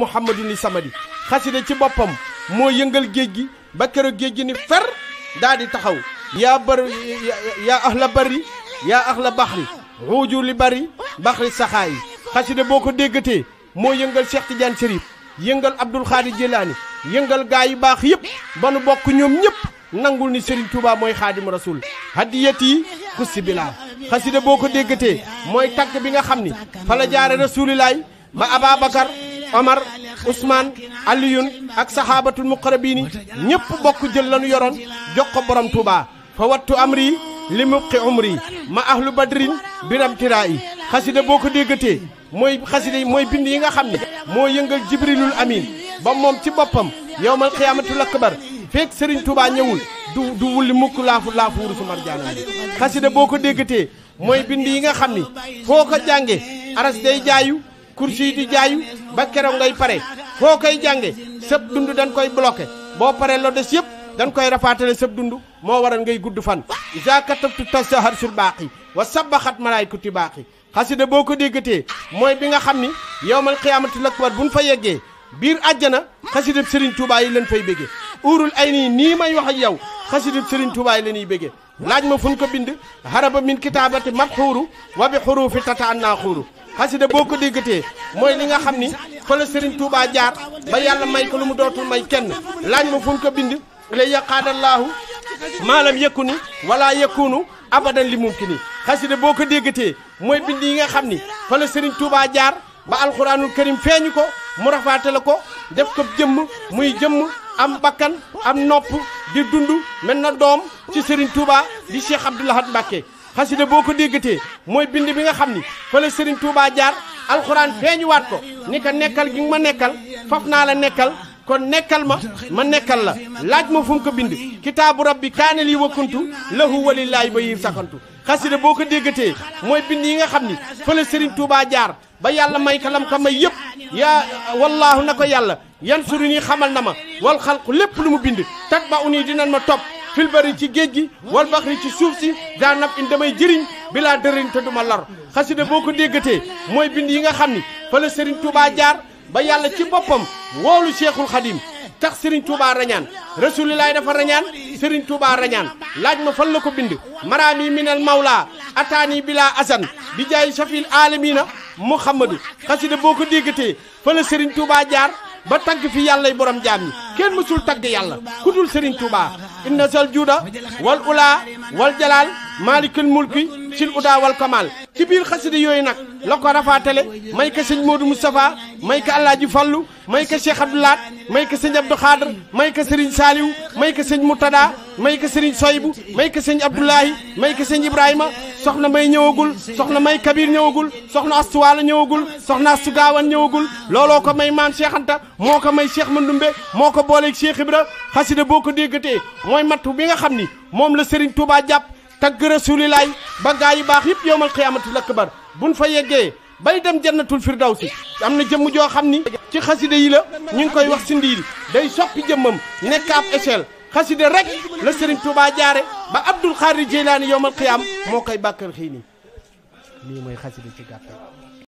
muhammaduni samadi xasida ci boppam moo yëngal géej gi ba keroog géej gi ni fer daa di taxaw yaa bër yaa ahla la yaa ahla baxri xuuju li bari baxri saxaayi xasida boo ko déggatee moo yëngal Cheikh Tidiane Chérif yëngal Abdul Xaadir Jilaani yëngal gaa yu baax yëpp ba nu bokk ñoom ñëpp nangul ni Serigne Touba mooy xaadim rasul hadiyat yi kusi bilaa xasida boo ko déggatee mooy tàgg bi nga xam ni fa la jaare rasulilaay ba Omar Ousmane Aliyun ak saxaabatul muqarrabiin ñëpp bokk jël lañu yoroon jox ko borom Touba. fa wattu amri li muqi umri ma ahlu badrin biram tiraa yi xasida boo ko déggatee mooy xasida mooy bind yi nga xam ne moo yëngal jibrilul amin ba moom ci boppam yowmal xiyaamatul akbar feek Serigne Touba ñëwul du du wulli mukk laafu laafu wuru su marjaana xasida boo ko déggatee mooy bind yi nga xam ni foo ko jànge aras day jaayu kursi yi di jaayu ba keroog ngay pare foo koy jànge sëb dund dañ koy bloqué boo paree loo des yëpp dañ koy rafaatale sëb dund moo waral ngay gudd fan isa katabtu tasahar sur baaqi wa sabaxat malaykati baaqi xasida boo ko déggatee mooy bi nga xam ni yowmal xiyaamati lakbar buñ fa yeggee biir àjjana xasidab Serigne Touba yi leen fay béggee uurul ay nii nii may wax ak yow xasidab Serigne Touba yi lañuy béggee laaj ma fu ñu ko bind haraba min kitaabati mabxuuru wa bi xuruufi tata annaa xuuru xasida boo ko déggatee mooy li nga xam ni fa la Serigne jaar ba yàlla may ko lu mu dootul may kenn laaj ma fun ko bind lay yaqaadallaahu maalam yëkku ni wala yëkkunu abadan li mumkini xasida boo ko déggatee mooy bind yi nga xam ni fa la Serigne jaar ba alxuraanul karim feeñu ko mu rafaate la ko def ko jëmm muy jëmm am bakkan am nopp di dund mel na doom ci Serigne Touba di Cheikh Abdoul Ahad Mbacké xasida boo ko déggatee mooy bind bi nga xam ni fa la Serigne Touba jaar alxuraan feeñuwaat ko ni ka nekkal gi nga ma nekkal faf naa la nekkal kon nekkal ma ma nekkal la laaj ma fu mu ko bind kitaabu rabbi kaane lii wakkuntu lahu walillaahi ba yi saxantu xasida boo ko déggatee mooy bind yi nga xam ni fa la jaar ba yàlla may kalam ka may yëpp yaa wallaahu na ko yàlla yan suru nii xamal na ma wal xalqu lépp lu mu bind tat ba u nii ma topp fil ci géej gi wal baxri ci suuf si daa naf in damay jëriñ bilaa dëriñ te duma lor xasida boo ko déggatee mooy bind yi nga xam ni fa la Serigne jaar ba yàlla ci boppam lu Cheikhul Khadim tax Serigne Touba rañaan rasulilaay dafa rañaan Serigne Touba rañaan laaj ma fan la ko bind maraami minal mawla ataani bila asan bi jaay shafil alamina muhammadu xasida boo ko déggatee fa la Serigne jaar ba tagg fi yàllay borom jaam ñi kenn mësul tagg yàlla ku إن الجود والأولى والجلال مالك الملك sil udaa wal kamal ci biir xasida yooyu nag la ko rafaatale may ko sëñ Modou Moustapha may ko Alaaji Fallu may ko Cheikh Abdou Lahat may ko sëñ Abdou Khadre may ko sëriñ Saliou may ko sëñ Moutada may ko sëriñ Soybu may ko sëñ Abdoulahi may ko sëñ Ibrahima soxna may ñëwagul soxna may kabir ñëwagul soxna astuwaala ñëwagul soxna astu gaawan ñëwagul looloo ko may maam Cheikh Anta moo ko may Cheikh Mandumbe moo ko booleeg Cheikh Ibra xasida boo ko déggatee mooy mattu bi nga xam ni moom la Serigne Touba jàpp tagg rasulilaay ba gaa yi baax yëpp yowmal lakk akbar buñ fa yeggee bay dem jannatul firdawsi am na jëmm joo xam ni ci xasida yi la ñu ngi koy wax si ndiir day soppi jëmmam nekk ab échelle xaside rek la Serigne Touba jaare ba Abdul Xaadir Jeylaani yowmal qiyaam moo koy bàkkal xii nii lii mooy xaside ci gàttal